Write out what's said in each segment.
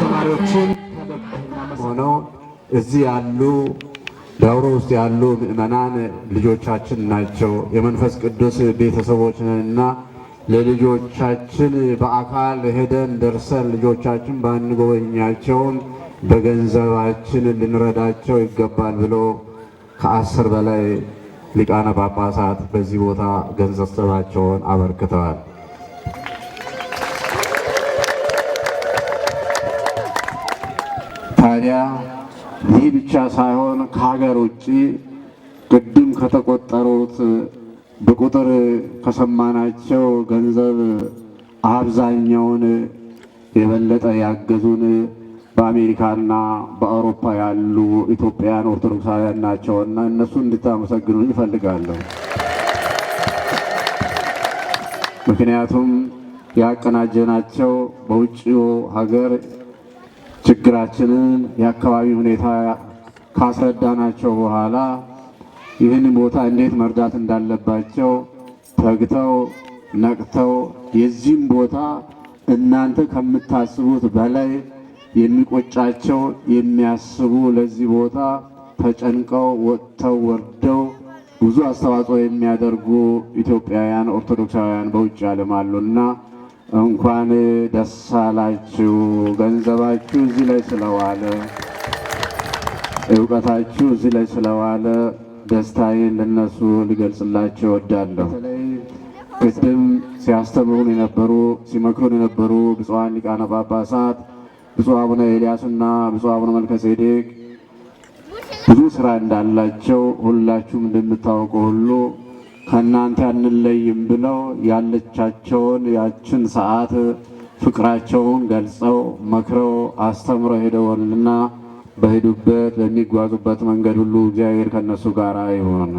ተማሪዎችን ሆነው እዚህ ያሉ ዳውሮ ውስጥ ያሉ ምዕመናን ልጆቻችን ናቸው። የመንፈስ ቅዱስ ቤተሰቦች ነንና ለልጆቻችን በአካል ሄደን ደርሰን ልጆቻችን ባንጎበኛቸውም በገንዘባችን ልንረዳቸው ይገባል ብሎ ከአስር በላይ ሊቃነ ጳጳሳት በዚህ ቦታ ገንዘባቸውን አበርክተዋል። ታዲያ ይህ ብቻ ሳይሆን ከሀገር ውጭ ቅድም ከተቆጠሩት በቁጥር ከሰማናቸው ገንዘብ አብዛኛውን የበለጠ ያገዙን በአሜሪካና በአውሮፓ ያሉ ኢትዮጵያውያን ኦርቶዶክሳውያን ናቸውና እነሱን እንድታመሰግኑ ይፈልጋለሁ። ምክንያቱም ያቀናጀናቸው በውጭው ሀገር ችግራችንን የአካባቢ ሁኔታ ካስረዳናቸው በኋላ ይህን ቦታ እንዴት መርዳት እንዳለባቸው ተግተው ነቅተው የዚህም ቦታ እናንተ ከምታስቡት በላይ የሚቆጫቸው የሚያስቡ ለዚህ ቦታ ተጨንቀው ወጥተው ወርደው ብዙ አስተዋጽኦ የሚያደርጉ ኢትዮጵያውያን ኦርቶዶክሳውያን በውጭ ዓለም አሉና እንኳን ደስ አላችሁ። ገንዘባችሁ እዚህ ላይ ስለዋለ፣ እውቀታችሁ እዚህ ላይ ስለዋለ ደስታዬን ለነሱ ልገልጽላቸው እወዳለሁ። ቅድም ሲያስተምሩን የነበሩ ሲመክሩን የነበሩ ብፁዓን ሊቃነ ጳጳሳት ብፁዕ አቡነ ኤልያስና ብፁዕ አቡነ መልከጼዴቅ ብዙ ስራ እንዳላቸው ሁላችሁም እንደምታውቁ ሁሉ ከእናንተ አንለይም ብለው ያለቻቸውን ያችን ሰዓት ፍቅራቸውን ገልጸው መክረው አስተምረው ሄደውልና በሄዱበት በሚጓዙበት መንገድ ሁሉ እግዚአብሔር ከነሱ ጋር ይሆን።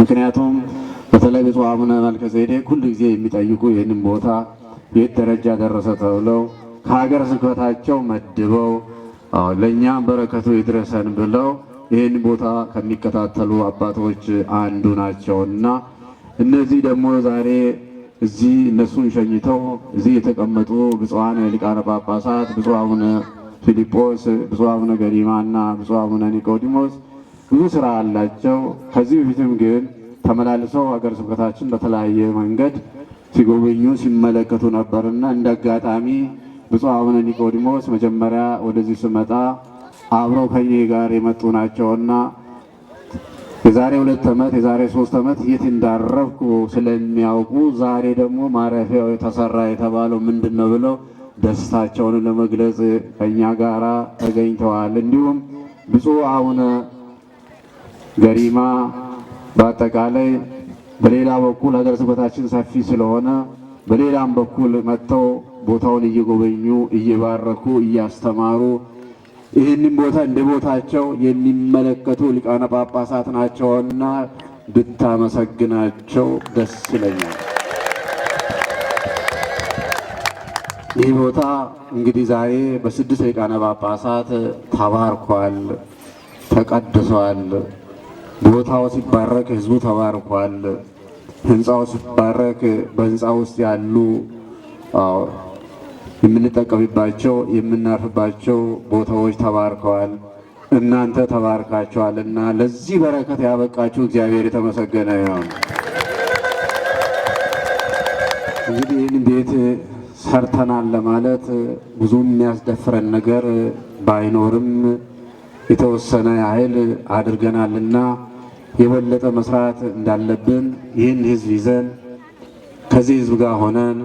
ምክንያቱም በተለይ ብፁዕ አቡነ መልከ ሁሉ ጊዜ የሚጠይቁ ይህንን ቦታ የት ደረጃ ደረሰ ተብለው ከሀገር ስብከታቸው መድበው ለእኛም በረከቱ ይድረሰን ብለው ይህን ቦታ ከሚከታተሉ አባቶች አንዱ እና እነዚህ ደግሞ ዛሬ እዚህ እነሱን ሸኝተው እዚህ የተቀመጡ ብፁዓን ሊቃነ ጳጳሳት ብፁዕ አቡነ ፊልጶስ፣ ብፁዕ አቡነ ገሪማና ብፁዕ አቡነ ኒቆዲሞስ ብዙ ስራ አላቸው። ከዚህ በፊትም ግን ተመላልሰው ሀገር ስብከታችን በተለያየ መንገድ ሲጎበኙ ሲመለከቱ ነበርና እንደ አጋጣሚ ብፁዕ አቡነ ኒቆዲሞስ መጀመሪያ ወደዚህ ስመጣ አብረው ከኔ ጋር የመጡ ናቸውና የዛሬ ሁለት ዓመት የዛሬ ሶስት ዓመት የት እንዳረፍኩ ስለሚያውቁ ዛሬ ደግሞ ማረፊያው ተሰራ የተባለው ምንድን ነው ብለው ደስታቸውን ለመግለጽ ከኛ ጋራ ተገኝተዋል። እንዲሁም ብፁዕ አቡነ ገሪማ በአጠቃላይ በሌላ በኩል ሀገረ ስብከታችን ሰፊ ስለሆነ በሌላም በኩል መጥተው ቦታውን እየጎበኙ እየባረኩ እያስተማሩ ይህንን ቦታ እንደ ቦታቸው የሚመለከቱ ሊቃነ ጳጳሳት ናቸውና ብታመሰግናቸው ደስ ይለኛል። ይህ ቦታ እንግዲህ ዛሬ በስድስት ሊቃነ ጳጳሳት ተባርኳል፣ ተቀድሷል። ቦታው ሲባረክ ህዝቡ ተባርኳል። ህንፃው ሲባረክ በህንፃ ውስጥ ያሉ የምንጠቀምባቸው የምናርፍባቸው ቦታዎች ተባርከዋል። እናንተ እና ለዚህ በረከት ያበቃችሁ እግዚአብሔር የተመሰገነ ይሁን። እንግዲህ ይህን ቤት ሰርተናል ለማለት ብዙም የሚያስደፍረን ነገር ባይኖርም የተወሰነ ያህል አድርገናልና የበለጠ መስራት እንዳለብን ይህን ህዝብ ይዘን ከዚህ ህዝብ ጋር ሆነን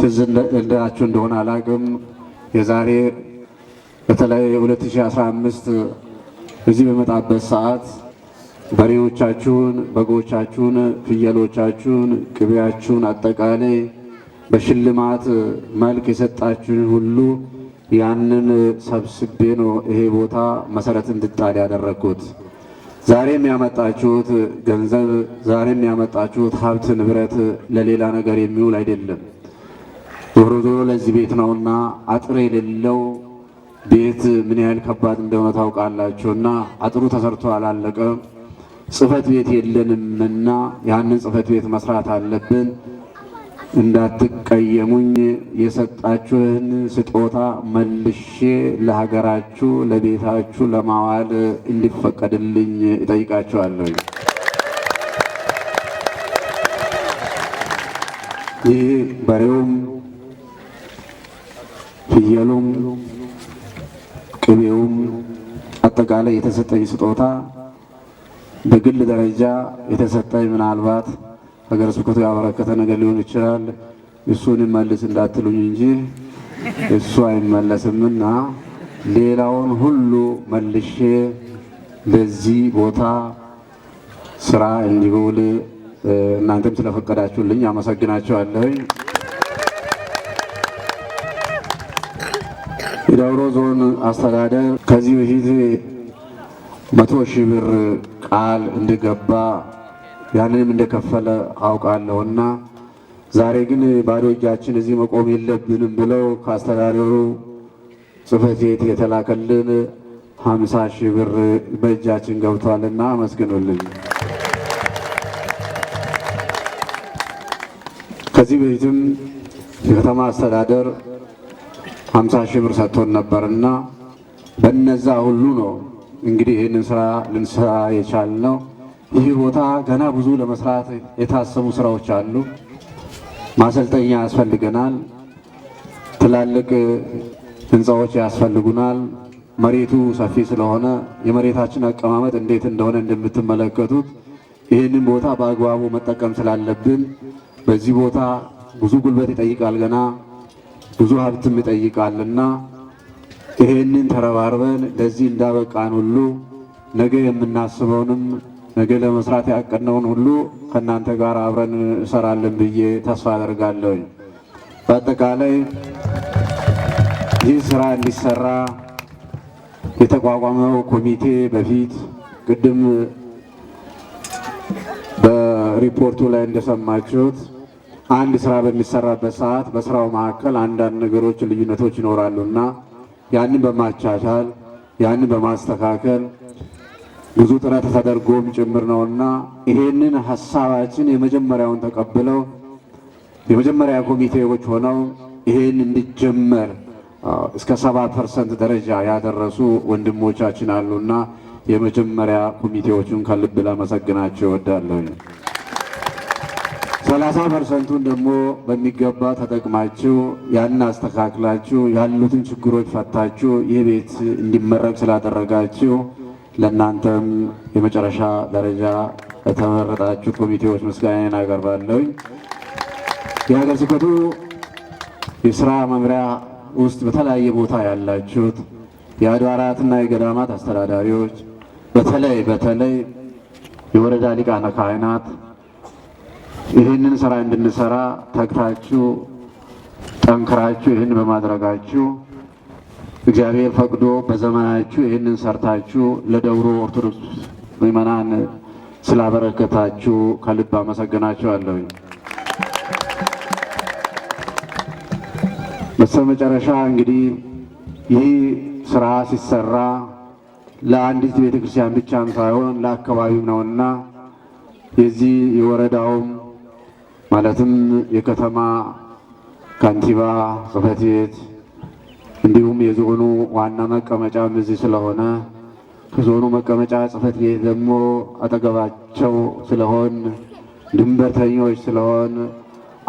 ትዝ እንዳላችሁ እንደሆነ አላቅም የዛሬ በተለይ 2015 እዚህ በመጣበት ሰዓት በሬዎቻችሁን፣ በጎቻችሁን፣ ፍየሎቻችሁን፣ ቅቤያችሁን አጠቃላይ በሽልማት መልክ የሰጣችሁን ሁሉ ያንን ሰብስቤ ነው ይሄ ቦታ መሰረት እንድጣል ያደረግኩት። ዛሬም ያመጣችሁት ገንዘብ ዛሬም ያመጣችሁት ሀብት ንብረት ለሌላ ነገር የሚውል አይደለም። ዞሮ ዞሮ ለዚህ ቤት ነውና አጥር የሌለው ቤት ምን ያህል ከባድ እንደሆነ ታውቃላችሁ። እና አጥሩ ተሰርቶ አላለቀም። ጽህፈት ቤት የለንምና ያንን ጽህፈት ቤት መስራት አለብን። እንዳትቀየሙኝ የሰጣችሁን ስጦታ መልሼ ለሀገራችሁ ለቤታችሁ ለማዋል እንዲፈቀድልኝ እጠይቃችኋለሁ። ይህ በሬውም ፍየሉም ቅቤውም አጠቃላይ የተሰጠኝ ስጦታ በግል ደረጃ የተሰጠኝ ምናልባት ሀገረ ስብከቱ ያበረከተ ነገር ሊሆን ይችላል። እሱን ይመልስ እንዳትሉኝ እንጂ እሱ አይመለስምና ሌላውን ሁሉ መልሼ በዚህ ቦታ ስራ እንዲውል እናንተም ስለፈቀዳችሁልኝ አመሰግናችኋለሁኝ። የዳውሮ ዞን አስተዳደር ከዚህ በፊት መቶ ሺህ ብር ቃል እንደገባ ያንንም እንደከፈለ እና ዛሬ ግን ባዶ እጃችን እዚህ መቆም የለብንም ብለው ከአስተዳደሩ ጽሕፈት ቤት የተላከልን ሀምሳ ሺህ ብር በእጃችን ገብቷልና አመስግኑልን። ከዚህ በፊትም የከተማ አስተዳደር ሀምሳ ሺህ ብር ሰጥቶን ነበርና በነዛ ሁሉ ነው እንግዲህ ይህንን ስራ ልንስራ የቻልነው። ይህ ቦታ ገና ብዙ ለመስራት የታሰቡ ስራዎች አሉ። ማሰልጠኛ ያስፈልገናል። ትላልቅ ህንፃዎች ያስፈልጉናል። መሬቱ ሰፊ ስለሆነ የመሬታችን አቀማመጥ እንዴት እንደሆነ እንደምትመለከቱት ይህንን ቦታ በአግባቡ መጠቀም ስላለብን በዚህ ቦታ ብዙ ጉልበት ይጠይቃል ገና ብዙ ሀብትም ይጠይቃልና ይሄንን ተረባርበን ለዚህ እንዳበቃን ሁሉ ነገ የምናስበውንም ነገ ለመስራት ያቀድነውን ሁሉ ከእናንተ ጋር አብረን እንሰራለን ብዬ ተስፋ አደርጋለሁ። በአጠቃላይ ይህ ስራ እንዲሰራ የተቋቋመው ኮሚቴ በፊት ቅድም በሪፖርቱ ላይ እንደሰማችሁት አንድ ስራ በሚሰራበት ሰዓት በስራው መካከል አንዳንድ ነገሮች ልዩነቶች ይኖራሉና ያንን በማቻቻል ያንን በማስተካከል ብዙ ጥረት ተደርጎም ጭምር ነውና ይሄንን ሀሳባችን የመጀመሪያውን ተቀብለው የመጀመሪያ ኮሚቴዎች ሆነው ይሄን እንዲጀመር እስከ ሰባ ፐርሰንት ደረጃ ያደረሱ ወንድሞቻችን አሉና የመጀመሪያ ኮሚቴዎቹን ከልብ ላመሰግናቸው እወዳለሁኝ። ሰላሳ ፐርሰንቱን ደግሞ በሚገባ ተጠቅማችሁ ያን አስተካክላችሁ ያሉትን ችግሮች ፈታችሁ ይህ ቤት እንዲመረቅ ስላደረጋችሁ ለእናንተም የመጨረሻ ደረጃ ለተመረጣችሁት ኮሚቴዎች ምስጋናን አቀርባለሁ። የሀገረ ስብከቱ የስራ መምሪያ ውስጥ በተለያየ ቦታ ያላችሁት የአድባራትና የገዳማት አስተዳዳሪዎች፣ በተለይ በተለይ የወረዳ ሊቃነ ካህናት ይህንን ስራ እንድንሰራ ተግታችሁ ጠንክራችሁ ይህን በማድረጋችሁ እግዚአብሔር ፈቅዶ በዘመናችሁ ይህንን ሰርታችሁ ለደብሮ ኦርቶዶክስ ምዕመናን ስላበረከታችሁ ከልብ አመሰግናችኋለሁ። በስተመጨረሻ እንግዲህ ይህ ስራ ሲሰራ ለአንዲት ቤተክርስቲያን ብቻም ሳይሆን ለአካባቢም ነውና የዚህ የወረዳውም ማለትም የከተማ ከንቲባ ጽህፈት ቤት እንዲሁም የዞኑ ዋና መቀመጫ እዚህ ስለሆነ ከዞኑ መቀመጫ ጽሕፈት ቤት ደግሞ አጠገባቸው ስለሆን ድንበርተኞች ስለሆን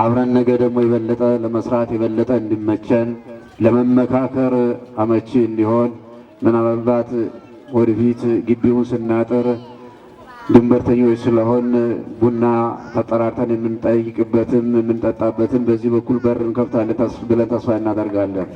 አብረን ነገ ደግሞ የበለጠ ለመስራት የበለጠ እንዲመቸን ለመመካከር አመቺ እንዲሆን ምናልባት ወደፊት ግቢውን ስናጥር ድንበርተኞች ስለሆን ቡና ተጠራርተን የምንጠይቅበትም የምንጠጣበትም በዚህ በኩል በር እንከፍታለን ብለን ተስፋ እናደርጋለን።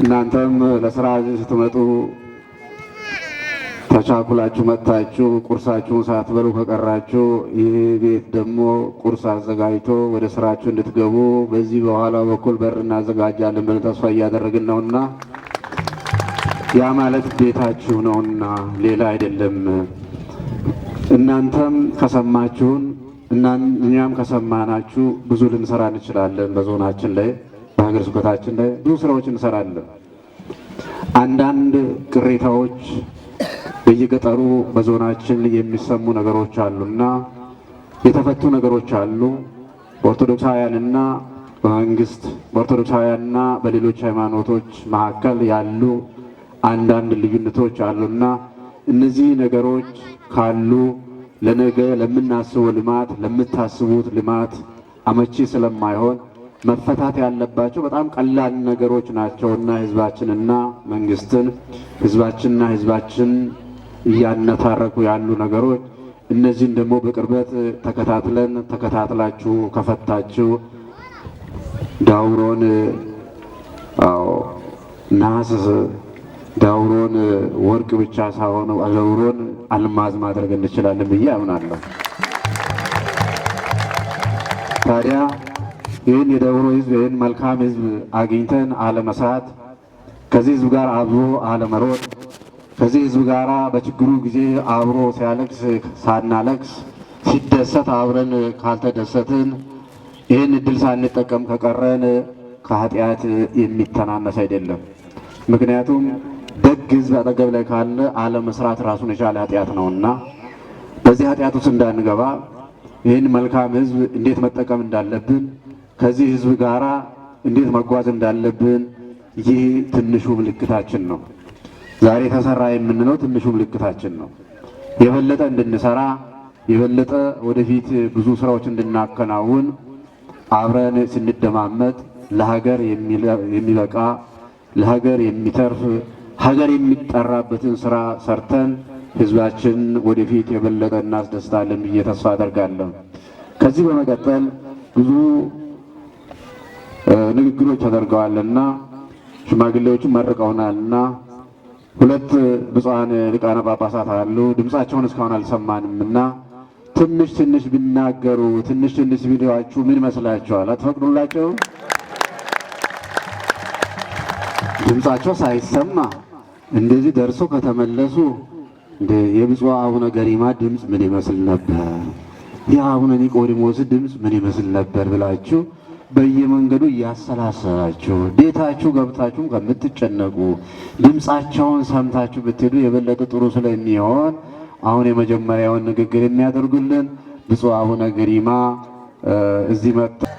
እናንተም ለስራ ስትመጡ ተቻኩላችሁ መጥታችሁ ቁርሳችሁን ሳትበሉ ከቀራችሁ ይህ ቤት ደግሞ ቁርስ አዘጋጅቶ ወደ ስራችሁ እንድትገቡ በዚህ በኋላ በኩል በር እናዘጋጃለን ብለን ተስፋ እያደረግን ነውና ያ ማለት ቤታችሁ ነውና ሌላ አይደለም። እናንተም ከሰማችሁን እኛም ከሰማናችሁ ብዙ ልንሰራ እንችላለን። በዞናችን ላይ በሀገረ ስብከታችን ላይ ብዙ ስራዎች እንሰራለን። አንዳንድ ቅሬታዎች በየገጠሩ በዞናችን የሚሰሙ ነገሮች አሉና የተፈቱ ነገሮች አሉ። በኦርቶዶክሳውያንና በመንግስት በኦርቶዶክሳውያንና በሌሎች ሃይማኖቶች መካከል ያሉ አንዳንድ ልዩነቶች አሉና እነዚህ ነገሮች ካሉ ለነገ ለምናስበው ልማት ለምታስቡት ልማት አመቺ ስለማይሆን መፈታት ያለባቸው በጣም ቀላል ነገሮች ናቸውና ህዝባችንና መንግስትን ህዝባችንና ህዝባችን እያነታረኩ ያሉ ነገሮች እነዚህን ደግሞ በቅርበት ተከታትለን ተከታትላችሁ ከፈታችሁ ዳውሮን ናስ። ዳውሮን ወርቅ ብቻ ሳይሆን ዳውሮን አልማዝ ማድረግ እንችላለን ብዬ አምናለሁ። ታዲያ ይህን የዳውሮ ህዝብ ይህን መልካም ህዝብ አግኝተን አለመስራት፣ ከዚህ ህዝብ ጋር አብሮ አለመሮጥ፣ ከዚህ ህዝብ ጋር በችግሩ ጊዜ አብሮ ሲያለቅስ ሳናለቅስ፣ ሲደሰት አብረን ካልተደሰትን፣ ይህን እድል ሳንጠቀም ከቀረን ከኃጢአት የሚተናነስ አይደለም። ምክንያቱም ግዝ አጠገብ ላይ ካለ አለመስራት ራሱን የቻለ ኃጢአት ነውና በዚህ ኃጢአት ውስጥ እንዳንገባ ይህን መልካም ህዝብ እንዴት መጠቀም እንዳለብን ከዚህ ህዝብ ጋራ እንዴት መጓዝ እንዳለብን ይህ ትንሹ ምልክታችን ነው። ዛሬ ተሰራ የምንለው ትንሹ ምልክታችን ነው። የበለጠ እንድንሰራ የበለጠ ወደፊት ብዙ ስራዎች እንድናከናውን አብረን ስንደማመጥ ለሀገር የሚበቃ ለሀገር የሚተርፍ ሀገር የሚጠራበትን ስራ ሰርተን ህዝባችን ወደፊት የበለጠ እናስደስታለን ብዬ ተስፋ አደርጋለሁ። ከዚህ በመቀጠል ብዙ ንግግሮች ተደርገዋልና ሽማግሌዎችን መርቀውናልና ሁለት ብፁዓን ሊቃነ ጳጳሳት አሉ። ድምፃቸውን እስካሁን አልሰማንም እና ትንሽ ትንሽ ቢናገሩ ትንሽ ትንሽ ቪዲዮችሁ ምን ይመስላችኋል አትፈቅዱላቸው ድምፃቸው ሳይሰማ እንደዚህ ደርሶ ከተመለሱ የብፁዕ አቡነ ገሪማ ድምፅ ምን ይመስል ነበር፣ የአቡነ ኒቆዲሞስ ድምፅ ምን ይመስል ነበር ብላችሁ በየመንገዱ እያሰላሰላችሁ ቤታችሁ ገብታችሁም ከምትጨነቁ ድምፃቸውን ሰምታችሁ ብትሄዱ የበለጠ ጥሩ ስለሚሆን አሁን የመጀመሪያውን ንግግር የሚያደርጉልን ብፁዕ አቡነ ገሪማ እዚህ መጥተው